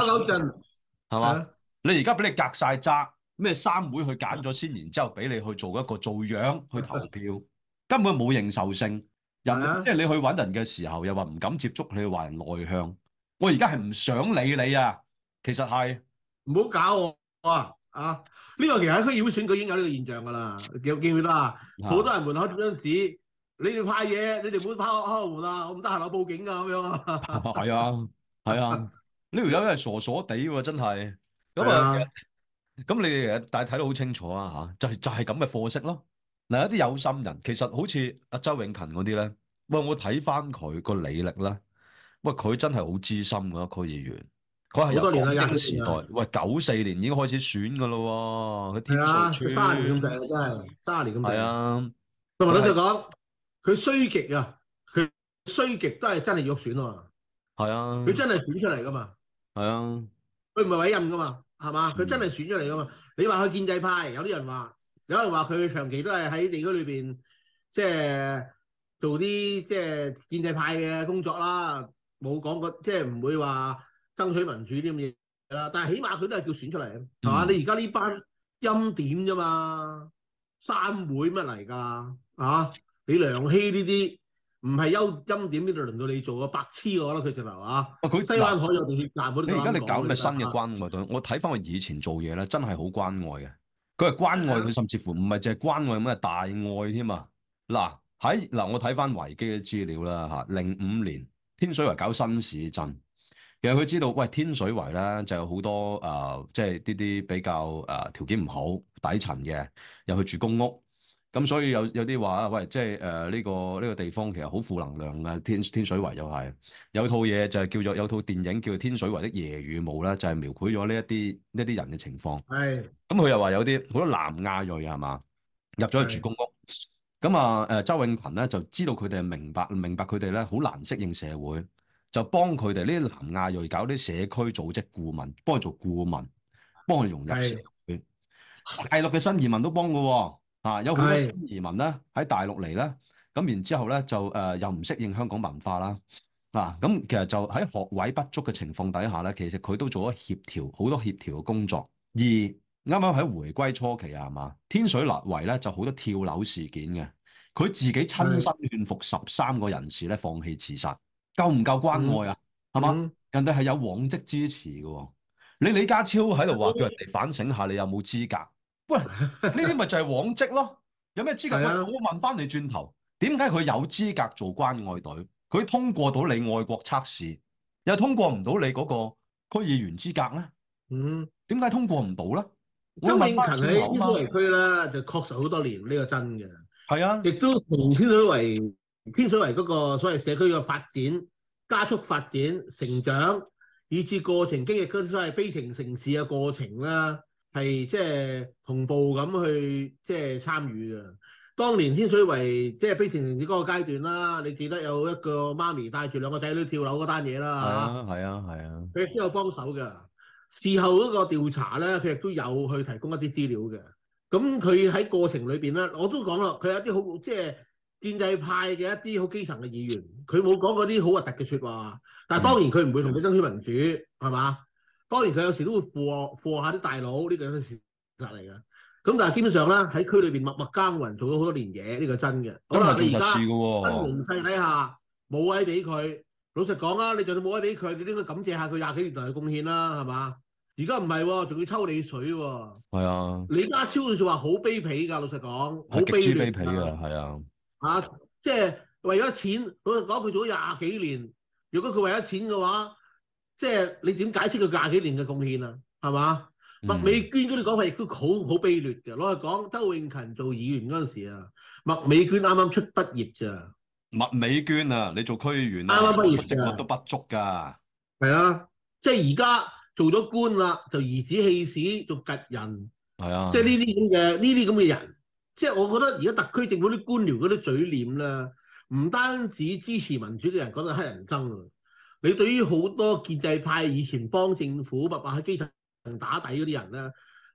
係嘛？你而家俾你隔晒渣，咩三會去揀咗先，然之後俾你去做一個做樣去投票，啊、根本冇認受性。是啊、又即係你去揾人嘅時候，又話唔敢接觸，你話人內向。我而家係唔想理你啊！其實係唔好搞我啊！啊呢、這個其實喺區議會選舉已經有呢個現象噶啦，記唔記得。好、啊、多人門口張紙，你哋派嘢，你哋唔好派敲門啊！我唔得閒樓報警噶咁樣。係啊，係啊。 *laughs* 呢條友真係傻傻地喎！真係咁、就是、啊！咁你哋大家睇得好清楚啊就係、是、就係咁嘅貨色咯。嗱，有啲有心人其實好似阿周永勤嗰啲咧，喂，我睇翻佢個履歷啦，喂，佢真係好資深嘅區議員，佢係好多年啦，年代喂，九四年已經開始選嘅咯喎，佢天水圍，三年咁定真係，三年咁定。係啊，同埋老實講，佢衰極啊，佢衰極都係真係要選喎。係啊，佢、啊、真係選、啊、選出嚟嘅嘛。係啊，佢唔係委任噶嘛，係嘛？佢真係選出嚟噶嘛？你話佢建制派，有啲人話，有人話佢長期都係喺地區裏邊，即係做啲即係建制派嘅工作啦，冇講過，即係唔會話爭取民主啲咁嘢啦。但係起碼佢都係叫選出嚟，係嘛？嗯、你而家呢班欽點啫嘛？三會乜嚟噶？啊，你梁熙呢啲。唔係優陰點呢度輪到你做啊？白痴我啦、啊，佢就係話，佢西灣海有地鐵站，嗰啲而家你搞咩新嘅關愛？ *laughs* 我睇翻我以前做嘢咧，真係好關愛嘅。佢係關，關愛，佢甚至乎唔係淨係關愛，咁啊大愛添啊！嗱喺嗱，我睇翻維基嘅資料啦嚇，零、啊、五年天水圍搞新市鎮，其實佢知道喂天水圍咧就有好多啊，即係呢啲比較啊、呃、條件唔好底層嘅，又去住公屋。咁所以有有啲話喂，即係誒呢個呢個地方其實好負能量嘅。天天水圍又係有套嘢就係叫做有套電影叫做《天水圍的夜與霧》啦，就係描繪咗呢一啲呢啲人嘅情況。係咁佢又話有啲好多南亞裔係嘛，入咗去住公屋咁啊。誒，呃，周永群咧就知道佢哋明白明白佢哋咧好難適應社會，就幫佢哋呢啲南亞裔搞啲社區組織顧問，幫佢做顧問，幫佢融入社會。大陸嘅新移民都幫噶喎。啊，有好多新移民咧喺大陸嚟咧，咁然之後咧就誒、呃、又唔適應香港文化啦。嗱、啊，咁其實就喺學位不足嘅情況底下咧，其實佢都做咗協調好多協調嘅工作。而啱啱喺回歸初期啊，係嘛？天水立圍咧就好多跳樓事件嘅，佢自己親身勸服十三個人士咧放棄自殺，夠唔夠關愛啊？係嘛？嗯、人哋係有往績支持嘅喎、哦，你李家超喺度話叫人哋反省下，你有冇資格？喂，呢啲咪就係往績咯？有咩資格？啊、我問翻你轉頭，點解佢有資格做關愛隊？佢通過到你愛國測試，又通過唔到你嗰個區議員資格咧？嗯，點解通過唔到咧？周永勤喺天水圍區咧，就確實好多年，呢、這個真嘅。係啊，亦都同天水圍、天水圍嗰個所謂社區嘅發展、加速發展、成長，以至過程經歷嗰啲所謂悲情城市嘅過程啦。係即係同步咁去即係參與嘅。當年天水圍即係悲情城市嗰個階段啦，你記得有一個媽咪帶住兩個仔女跳樓嗰單嘢啦嚇，係啊係啊係啊。佢都、啊啊、有幫手㗎。事後嗰個調查咧，佢亦都有去提供一啲資料嘅。咁佢喺過程裏邊咧，我都講啦，佢有啲好即係建制派嘅一啲好基層嘅議員，佢冇講嗰啲好核突嘅説話。但係當然佢唔會同佢爭取民主，係嘛的？是。當然佢有時都會賒賒下啲大佬，呢個都係事實嚟㗎。咁但係基本上啦，喺區裏邊默默耕耕耘做咗好多年嘢，呢個真嘅。好啦，你而家喺榮勢底下冇位俾佢，老實講啊，你就算冇位俾佢，你應該感謝下佢廿幾年來嘅貢獻啦，係嘛？而家唔係喎，仲要抽你水喎。係啊。是啊，李家超你就話好卑鄙㗎，老實講，好卑卑鄙啊！係啊。啊，即係為咗錢，老實講，佢做咗廿幾年。如果佢為咗錢嘅話，即係你點解釋佢廿幾年嘅貢獻啊？係嘛？麥、嗯、美娟嗰啲講法亦都好好卑劣嘅。攞嚟講，周永勤做議員嗰陣時啊，麥美娟啱啱出畢業咋？麥美娟啊，你做區議員啱啱畢業咋，積分都不足㗎。係啊，即係而家做咗官啦，就兒子氣子做吉人。係啊，即係呢啲咁嘅呢啲咁嘅人，即係我覺得而家特區政府啲官僚嗰啲嘴臉咧，唔單止支持民主嘅人講得乞人憎你對於好多建制派以前幫政府默默喺基層打底嗰啲人咧，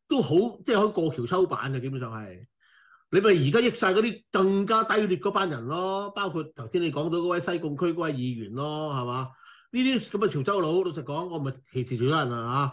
都好即係可以過橋抽板嘅，基本上係你咪而家益晒嗰啲更加低劣嗰班人咯，包括頭先你講到嗰位西貢區嗰位議員咯，係嘛？呢啲咁嘅潮州佬，老實講，我咪歧視潮州人啊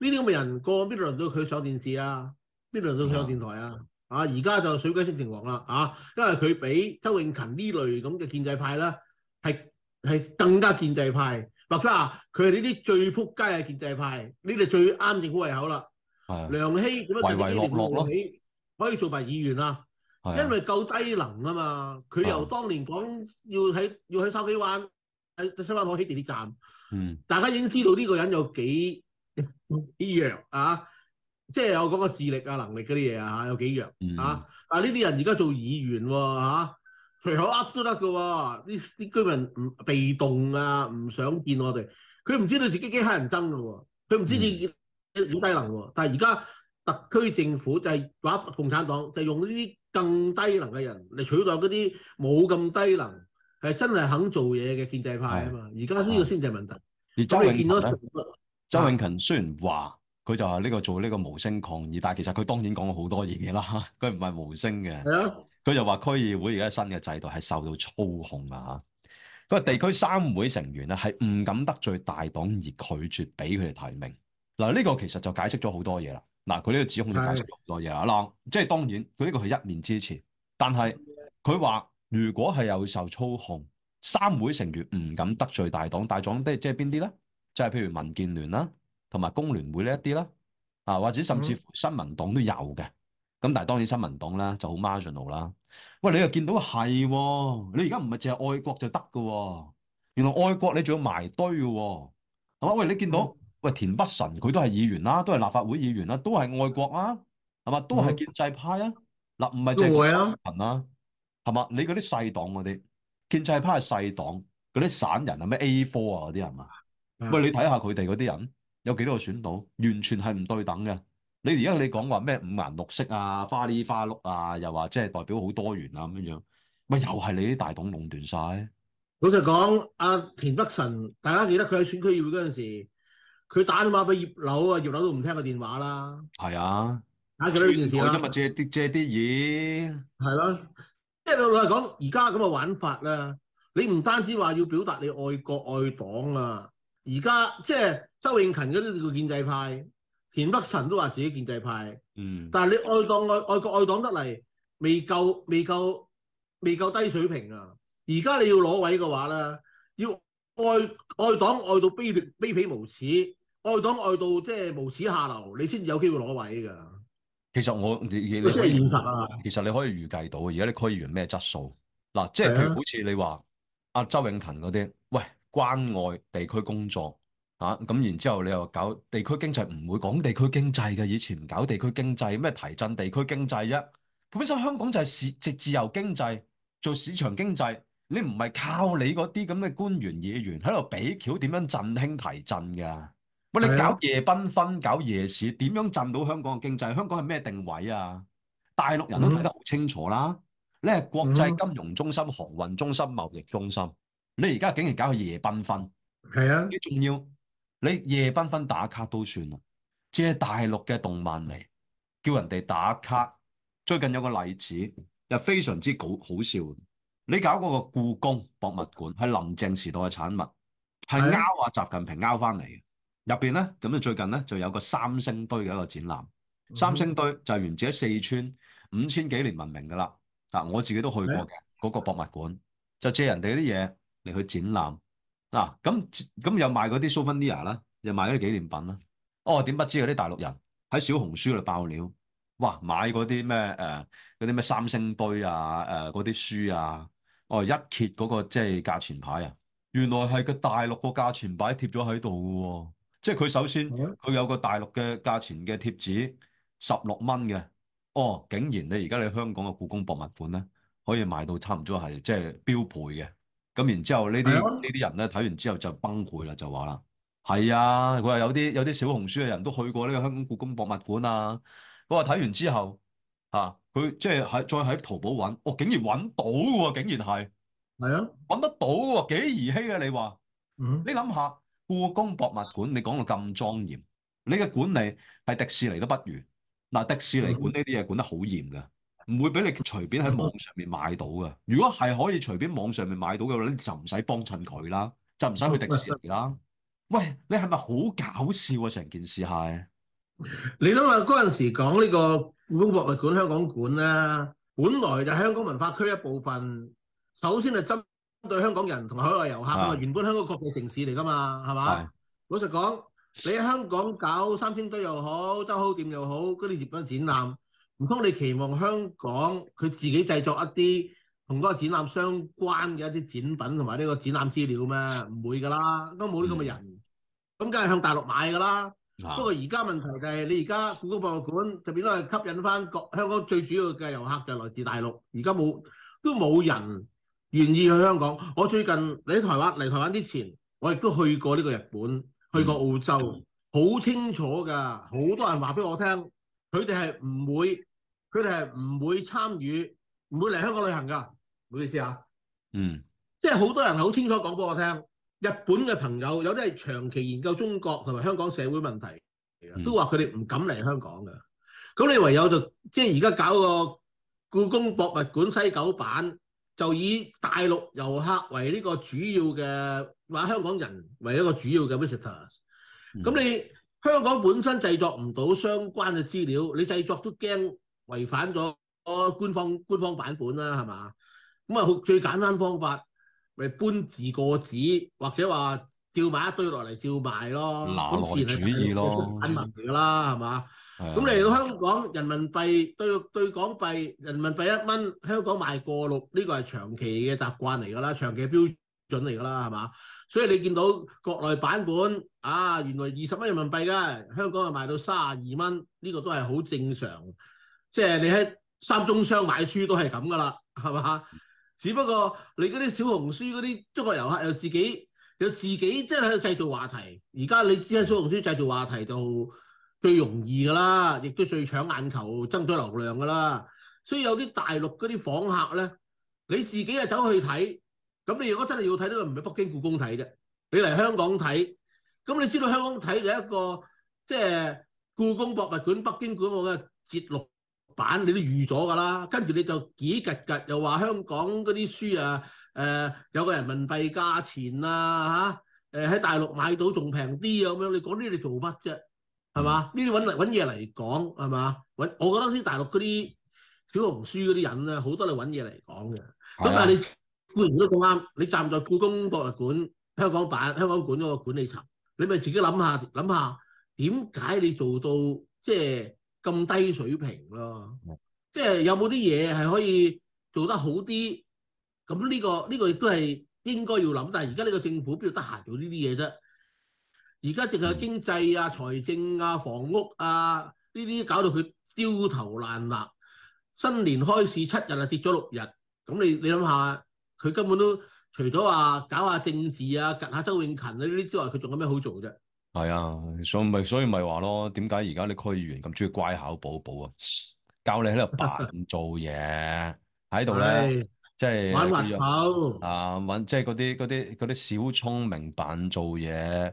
嚇。呢啲咁嘅人過邊度輪到佢上電視啊？邊度輪到佢上電台啊？啊！而家就水鬼升城隍啦嚇，因為佢比周永勤呢類咁嘅建制派咧係。係更加建制派，嗱佢啊，佢係呢啲最撲街嘅建制派，呢啲最啱政府的胃口啦。的梁希點解帶啲政府落起，的可以做埋議員啦，的因為夠低能啊嘛。佢由當年講要喺要喺筲箕灣喺筲箕灣落起地鐵站，嗯的，大家已經知道呢個人有幾幾弱啊，即係我講個智力啊、能力嗰啲嘢啊有幾弱啊，呢啲的、啊、人而家做議員喎、啊啊隨口噏都得嘅喎，啲啲居民唔被動啊，唔想見我哋。佢唔知道自己幾乞人憎嘅喎，佢唔知道自己幾低能喎。嗯、但係而家特區政府就係、話、揾共產黨，就用呢啲更低能嘅人嚟取代嗰啲冇咁低能，係真係肯做嘢嘅建制派啊嘛。而家呢個先就係問題。你真係見的到。周永勤，勤雖然話佢就係呢個做呢個無聲抗議，的但係其實佢當然講咗好多嘢啦。佢唔係無聲嘅。係啊。佢就話區議會而家新嘅制度係受到操控啊！嚇，嗰個地區三會成員咧係唔敢得罪大黨而拒絕俾佢哋提名。嗱，呢個其實就解釋咗好多嘢啦。嗱，佢呢個指控就解釋咗好多嘢啦。嗱的，即係當然，佢、這、呢個係一面之詞，但係佢話如果係有受操控，三會成員唔敢得罪大黨，大黨即係即係邊啲咧？即係譬如民建聯啦，同埋工聯會呢一啲啦，啊，或者甚至乎新民黨都有嘅。咁但係當然新民黨啦就好 marginal 啦。喂，你又見到係、啊，你而家唔係淨係愛國就得嘅喎，原來愛國你仲要埋堆嘅喎，係嘛？喂，你見到，嗯、喂田北辰佢都係議員啦、啊，都係立法會議員啦、啊，都係愛國啊，係嘛？都係建制派啊，嗱，唔係建制派啊，係嘛？你嗰啲細黨嗰啲建制派係細黨，嗰啲散人係咩 A 科啊嗰啲人嘛？嗯、喂，你睇下佢哋嗰啲人有幾多個選到，完全係唔對等嘅。你而家你講話咩五顏六色啊，花里花碌啊，又話即係代表好多元啊咁樣樣，咪又係你啲大董壟斷晒。老實講阿田北辰，大家記得佢喺選區議會嗰陣時，佢打電話俾葉劉啊，葉劉都唔聽個電話啦。係啊，打幾多件事啦。借啲借啲嘢。係咯，即係老實講而家咁嘅玩法啦。你唔單止話要表達你愛國愛黨啊，而家即係周永勤嗰啲叫建制派。田北辰都話自己是建制派，嗯、但係你愛黨愛愛國愛黨得嚟，未夠未夠未夠低水平啊！而家你要攞位嘅話咧，要愛愛黨愛到卑卑鄙無恥，愛黨愛到即係、就是、無恥下流，你先至有機會攞位㗎。其實我，即係現實啊！其實你可以預計到，而家啲區議員咩質素？嗱、啊，即係譬如好似你話阿、啊、周永勤嗰啲，喂關愛地區工作。啊，咁然之後你又搞地區經濟，唔會講地區經濟嘅。以前唔搞地區經濟，咩提振地區經濟啫？本身香港就係市即自由經濟，做市場經濟，你唔係靠你嗰啲咁嘅官員議員喺度比橋點樣振興提振㗎？喂、啊，你搞夜繽紛，搞夜市，點樣震到香港嘅經濟？香港係咩定位啊？大陸人都睇得好清楚啦，嗯、你係國際金融中心、航運、嗯、中心、貿易中心，你而家竟然搞個夜繽紛，係啊，仲要～你夜繽紛打卡都算啦，借大陸嘅動漫嚟叫人哋打卡。最近有個例子又非常之好好笑。你搞個個故宮博物館係林鄭時代嘅產物，係勾啊習近平勾翻嚟入邊咧咁啊，最近咧就有個三星堆嘅一個展覽。嗯、三星堆就源自喺四川五千幾年文明噶啦，嗱我自己都去過嘅嗰個博物館，就借人哋啲嘢嚟去展覽。嗱，咁咁、啊、又賣嗰啲 Souvenir 啦，又賣嗰啲紀念品啦。哦，點不知嗰啲大陸人喺小紅書度爆料，哇，買嗰啲咩嗰啲咩三星堆啊嗰啲、呃、書啊，哦一揭嗰、嗰個即係價錢牌啊，原來係個大陸個價錢牌貼咗喺度喎，即係佢首先佢、嗯、有個大陸嘅價錢嘅貼紙，十六蚊嘅，哦，竟然你而家你香港嘅故宮博物館咧，可以賣到差唔多係即係標配嘅。咁然之後、啊、人呢啲呢啲人咧睇完之後就崩潰啦，就話啦，係啊，佢話有啲有啲小紅書嘅人都去過呢個香港故宮博物館啊，佢話睇完之後嚇，佢即係喺再喺淘寶揾，我竟然揾到嘅喎，竟然係，係啊，揾得到嘅喎，幾兒戲啊你話？嗯，你諗下故宮博物館，你講到咁莊嚴，你嘅管理係迪士尼都不如，嗱迪士尼管呢啲嘢管得好嚴㗎。嗯唔會俾你隨便喺網上面買到嘅。如果係可以隨便在網上面買到嘅話，你就唔使幫襯佢啦，就唔使去迪士尼啦。喂，你係咪好搞笑啊？成件事係，你諗下嗰陣時講呢個故宮博物館香港館咧，本來就是香港文化區一部分。首先係針對香港人同埋海外遊客啊的嘛，原本香港國際城市嚟噶嘛，係嘛的？老實講，你喺香港搞三星堆又好，周口店又好，嗰啲展品展覽。唔通你期望香港佢自己製作一啲同嗰個展覽相關嘅一啲展品同埋呢個展覽資料咩？唔會噶啦，都冇啲咁嘅人，咁梗係向大陸買噶啦。啊、不過而家問題就係，你而家故宮博物館就變都係吸引翻港香港最主要嘅遊客就來自大陸，而家冇都冇人願意去香港。我最近嚟台灣嚟台灣之前，我亦都去過呢個日本，去過澳洲，好、嗯、清楚噶，好多人話俾我聽，佢哋係唔會。佢哋係唔會參與，唔會嚟香港旅行㗎。唔好意思啊，嗯，即係好多人好清楚講俾我聽，日本嘅朋友有啲係長期研究中國同埋香港社會問題，都話佢哋唔敢嚟香港㗎。咁、嗯、你唯有就即係而家搞個故宮博物館西九版，就以大陸遊客為呢個主要嘅，或者香港人為一個主要嘅 visitors。咁、嗯、你香港本身製作唔到相關嘅資料，你製作都驚。違反咗官方官方版本啦，係嘛？咁啊，最簡單的方法咪搬字過紙，或者話照埋一堆落嚟照賣咯。拿來主義咯，品文嚟噶啦，係嘛的？咁你嚟到香港，人民幣對對港幣，人民幣一蚊，香港賣過六，呢、這個係長期嘅習慣嚟噶啦，長期標準嚟噶啦，係嘛？所以你見到國內版本啊，原來二十蚊人民幣嘅香港係賣到三十二蚊，呢、這個都係好正常。即係你喺三中商買書都係咁噶啦，係咪？嗯、只不過你嗰啲小紅書嗰啲中國遊客又自己又自己真係喺度製造話題。而家你只喺小紅書製造話題就最容易噶啦，亦都最搶眼球、爭取流量噶啦。所以有啲大陸嗰啲訪客咧，你自己啊走去睇，咁你如果真係要睇呢個唔係北京故宮睇啫，你嚟香港睇，咁你知道香港睇就一個即係、就是、故宮博物館、北京嗰個嘅節錄版你都預咗㗎啦，跟住你就幾吉吉，又話香港嗰啲書啊，誒、呃、有個人民幣價錢啊嚇，誒、啊、喺、呃、大陸買到仲平啲啊咁樣，你講呢啲你做乜啫？係嘛？呢啲揾嚟揾嘢嚟講係嘛？我覺得啲大陸嗰啲小紅書嗰啲人咧，好多、嗯、你揾嘢嚟講嘅。咁但係你固然都咁啱，你站在故宮博物館香港版香港館嗰個管理層，你咪自己諗下諗下點解你做到即係？咁低水平咯，即係有冇啲嘢係可以做得好啲？咁呢個呢個亦都係應該要諗，但係而家呢個政府邊度得閒做呢啲嘢啫？而家淨係經濟啊、財政啊、房屋啊呢啲搞到佢焦頭爛額。新年開市七日啊，跌咗六日。咁你你諗下，佢根本都除咗話搞下政治啊、及下周永勤啊呢啲之外，佢仲有咩好做啫？係啊，所以咪所以咪話咯，點解而家啲區議員咁中意乖巧寶寶啊？教你喺度扮做嘢喺度咧，即係是玩滑頭啊，玩即係嗰啲啲啲小聰明扮做嘢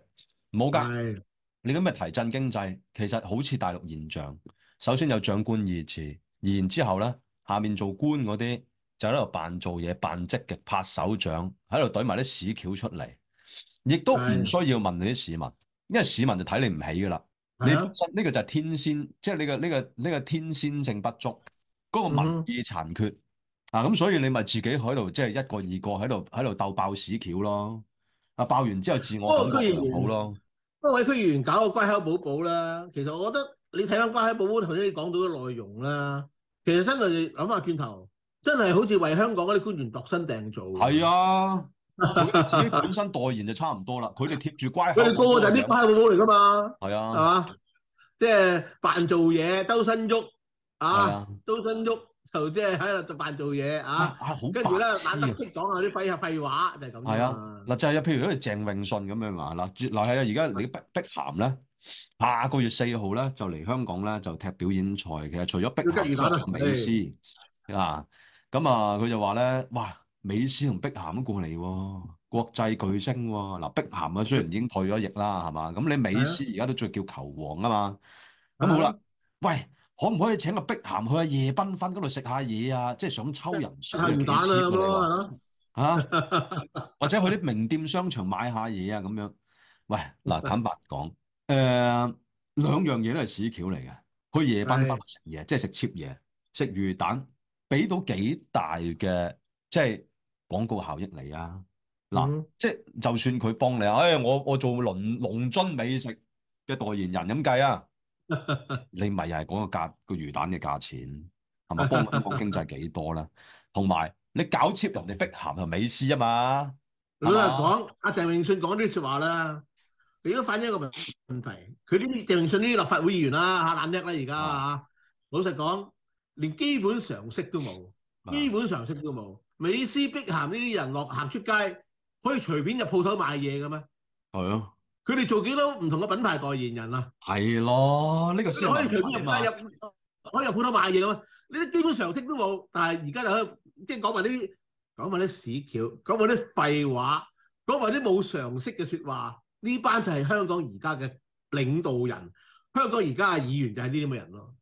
冇噶。的你咁樣提振經濟，其實好似大陸現象。首先有長官意志，然之後咧，下面做官嗰啲就喺度扮做嘢、扮積極拍手掌，喺度懟埋啲屎橋出嚟，亦都唔需要問你啲市民。因為市民就睇你唔起噶啦，你呢、這個就係天仙，即係你、這個呢、這個呢、這個這個這個天仙性不足，嗰、那個民意殘缺、嗯、啊，咁所以你咪自己喺度即係一個二個喺度喺度鬥爆屎橋咯，啊爆完之後自我肯定、哦、好咯，嗰、哦、位區議員搞個乖巧寶寶啦，其實我覺得你睇翻乖巧寶寶頭先你講到嘅內容啦，其實真係諗下轉頭，真係好似為香港嗰啲官員度身訂做。係啊。佢自己本身代言就差唔多啦，佢哋貼住乖，佢哋個個就係啲乖寶寶嚟噶嘛，係啊，啊，即係扮做嘢，兜身喐，啊，兜身喐就即係喺度扮做嘢啊，好，跟住咧懶得識講啊啲廢啊廢話就係咁啊，嗱就係，譬如好似鄭永信咁樣話嗱，接嗱係啊，而家你碧碧咸咧，下個月四號咧就嚟香港咧就踢表演賽，其實除咗碧咸同美斯啊，咁啊佢就話咧，哇！美斯同碧咸都過嚟喎、啊，國際巨星喎。嗱，碧咸啊，雖然已經退咗役啦，係嘛？咁你美斯而家都再叫球王啊嘛。咁、啊、好啦，喂，可唔可以請個碧咸去夜繽紛下夜繽紛嗰度食下嘢啊？即係想抽人錢嘅魚蛋啊咯。嚇、啊， *laughs* 或者去啲名店商場買下嘢啊咁樣。喂，嗱，坦白講，誒、呃、兩樣嘢都係屎橋嚟嘅。去夜繽紛食嘢，即係食 cheap 嘢，食魚蛋，俾到幾大嘅，即係。.廣告效益嚟啊！嗱，嗯、即係就算佢幫你啊，誒、哎，我我做龍龍津美食嘅代言人咁計啊， *laughs* 你咪又係講個價、嗰個魚蛋嘅價錢係咪 *laughs* 幫香港經濟幾多啦？同埋你搞黐人哋碧咸又美斯啊嘛！老實講，阿吧、啊、鄭泳舜講啲説話啦，你都反映一個問題，佢啲鄭泳舜啲立法會議員啊嚇懶叻啦，而家啊，的老實講，連基本常識都冇，的基本常識都冇。美斯碧咸呢啲人落行出街，可以隨便入鋪頭買嘢嘅咩？係啊，佢哋做幾多唔同嘅品牌代言人啊？係咯，呢、這個時候可以隨便入入，可以入鋪頭買嘢咩？呢啲基本常識都冇，但係而家就即係、就是、講埋呢啲，講埋啲屎橋，講埋啲廢話，講埋啲冇常識嘅説話。呢班就係香港而家嘅領導人，香港而家嘅議員就係呢啲咁嘅人咯、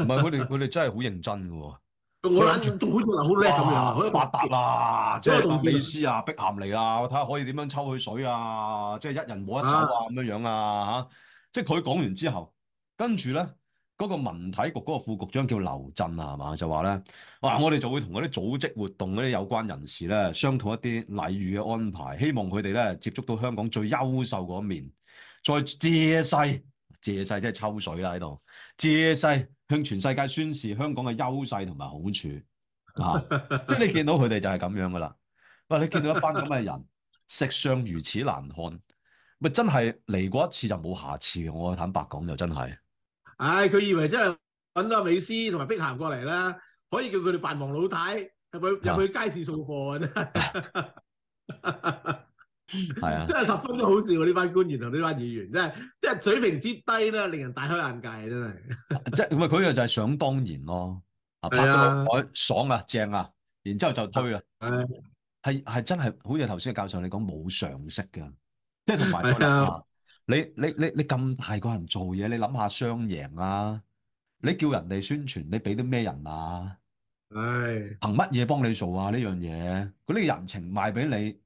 啊。唔係佢哋，佢哋真係好認真嘅喎、哦。我懶完做好多好叻咁樣，佢發達啦，即係咩意思啊？碧咸嚟啊！我睇下可以點樣抽佢水啊？即係一人摸一手啊咁樣樣啊嚇！即係佢講完之後，跟住咧嗰個文體局嗰個副局長叫劉震的啊，係嘛？就話咧，哇！我哋就會同嗰啲組織活動嗰啲有關人士咧，商討一啲禮遇嘅安排，希望佢哋咧接觸到香港最優秀嗰一面，再借勢。借勢即係抽水啦喺度，借勢向全世界宣示香港嘅優勢同埋好處 *laughs* 啊！即係你見到佢哋就係咁樣噶啦。喂，你見到一班咁嘅人， *laughs* 食相如此難看，咪真係嚟過一次就冇下次嘅。我坦白講就真係。唉、哎，佢以為真係揾到阿美斯同埋碧鹹過嚟啦，可以叫佢哋扮王老太入係咪入去街市掃貨啊！真 *laughs* *laughs* 係啊，真係十分都好笑，啊。呢班官員同呢班議員真係，係水平之低，令人大開眼界，真係即係唔係佢又就係想當然咯。啊，拍咗海爽啊，啊正啊，然之後就推啊，係係真係好似頭先嘅教授你講冇常識噶，即係同埋你你你你咁大個人做嘢，你諗下雙贏啊？你叫人哋宣傳，你俾啲咩人啊？唉，啊，憑乜嘢幫你做啊？呢樣嘢佢呢個人情賣俾你。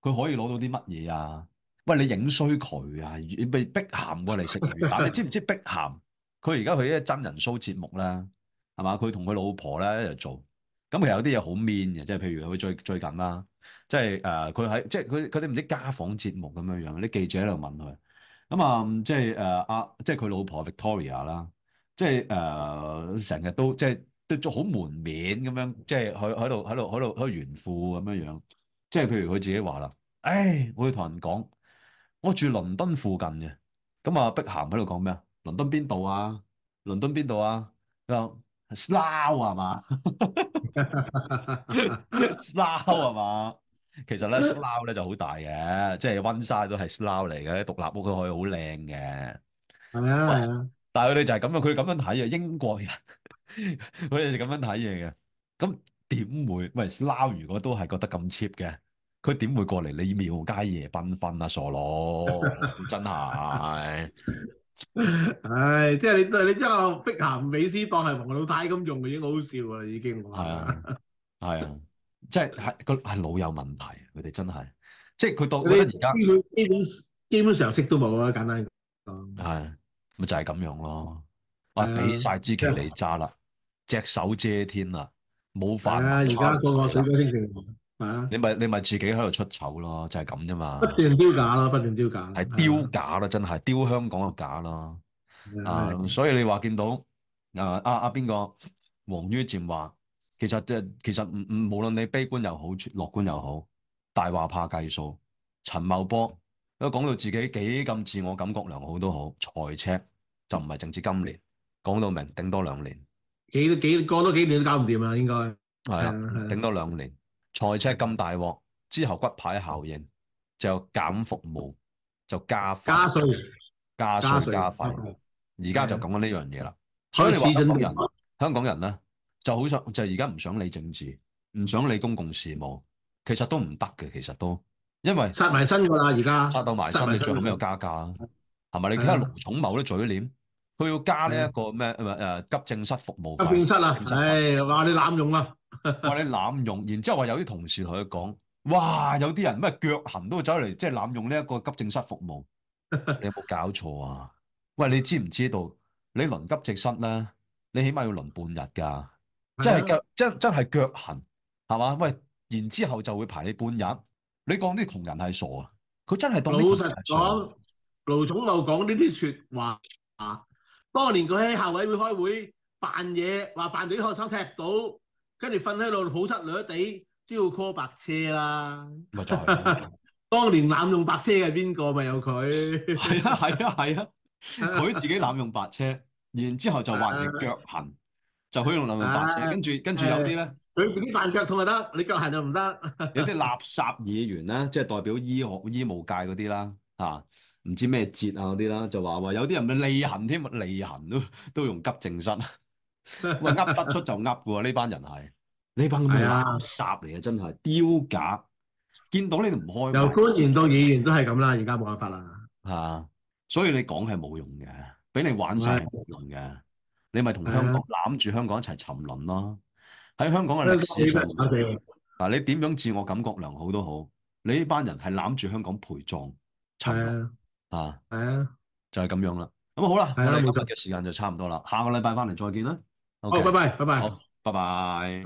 佢可以攞到啲乜嘢啊？喂，你影衰佢啊！被碧咸過嚟食魚蛋，你知唔知碧咸？佢而家佢一真人 show 節目啦，係嘛？佢同佢老婆咧一齊做，咁其實有啲嘢好面嘅，即係譬如佢最最近啦，即係誒，佢喺即係佢佢啲唔知家訪節目咁樣樣，啲記者喺度問佢，咁啊，即係誒阿即係佢老婆 Victoria 啦，就是，即係誒成日都即係，就是，都做好門面咁，就是，樣，即係喺喺度喺度喺度喺度炫富咁樣樣。.即係譬如佢自己話啦，誒、哎，我要同人講，我住倫敦附近嘅，咁啊，碧咸喺度講咩啊？倫敦邊度啊？倫敦邊度啊？佢話 Slough 係嘛？Slough 係嘛？其實咧 Slough 咧就好大嘅，即係溫莎都係 Slough 嚟嘅，啲獨立屋佢可以好靚嘅。係啊係啊，但係佢哋就係咁啊，佢哋咁樣睇嘅，英國人，佢哋就咁樣睇嘢嘅，咁。點會？喂，撈魚我都係覺得咁 cheap 嘅，佢點會過嚟？你廟街夜繽紛啊，傻佬！真係，唉 *laughs* 哎，即係你你將個碧鹹美斯當係黃老太咁用已經好笑啦，已經。係啊，係啊， *laughs* 即係係個係腦有問題，佢哋真係，即係佢當你。而家 *laughs* 基本基本上識都冇啦，簡單講。係，咪就係、是、咁樣咯。我俾曬支旗你揸啦，隻手遮天啦。冇法，係不啊！而家個個水火啊！你咪你咪自己喺度出醜咯，就係咁啫嘛！不斷丟架咯，不斷丟架，係丟架咯，真係丟香港嘅架咯啊！所以你話見到啊啊啊邊個王于漸話，其實即係其實唔唔，無論你悲觀又好，樂觀又好，大話怕計數。陳茂波都講到自己幾咁自我感覺良好都好，財赤就唔係淨止今年，講到明頂多兩年。幾多幾過多幾年都搞唔掂啊，應該係啊，頂多兩年。賽車咁大鑊，之後骨牌效應就減服務，就加加稅，加稅加費。而家就講緊呢樣嘢啦。所以，香港人，香港人咧就好想就而家唔想理政治，唔想理公共事務，其實都唔得嘅。其實都因為殺埋身㗎啦，而家殺到埋身，你最後咪又加價啊？係咪？你睇下盧寵茂都嘴臉。佢要加呢一個咩？唔係的急症室服務。急症室啊！誒話室你濫用啊！話 *laughs* 你濫用，然之後話有啲同事同佢講，哇！有啲人咩腳痕都走嚟，即係濫用呢一個急症室服務。你有冇搞錯啊？喂，你知唔知道你輪急症室咧？你起碼要輪半日㗎，的即係腳，真真係腳痕，係嘛？喂，然之後就會排你半日。你講啲窮人係傻啊？佢真係當老實講，盧總老講呢啲説話。啊。當年佢喺校委會開會扮嘢，話扮俾啲學生踢到，跟住瞓喺度抱膝坐地都要 call 白車啦。咪 *laughs* 當年濫用白車嘅係邊個咪有佢？係啊係啊係啊，佢、啊啊、自己濫用白車， *laughs* 然之後就話人哋腳痕，就可以用濫用白車。 *laughs* 啊、跟住跟住有啲咧，佢變啲扮腳痛就得，你腳痕就唔得。 *laughs* 有啲垃圾議員啦，即係代表醫學醫務界嗰啲啦，吓、啊。唔知咩節啊嗰啲啦，就話話有啲人咪逆行添，逆行都都用急症室，喂 *laughs* 噏得出就噏噶喎，呢 *laughs* 班人係呢 *laughs* 班係啊，垃圾嚟嘅真係丟架，見到你都唔開。由官員到議員都係咁啦，而家冇辦法啦。係、啊、所以你講係冇用嘅，俾你玩晒冇用嘅，啊、你咪同香港攬住香港一齊沉淪咯。喺香港嘅市場嗱，啊啊、你點樣自我感覺良好都好，你呢班人係攬住香港陪葬、啊、沉淪。啊，係啊，就係咁樣啦。咁好啦，係啦、啊，冇錯嘅時間就差唔多啦。錯下個禮拜翻嚟再見啦。好，拜拜，拜拜，好，拜拜。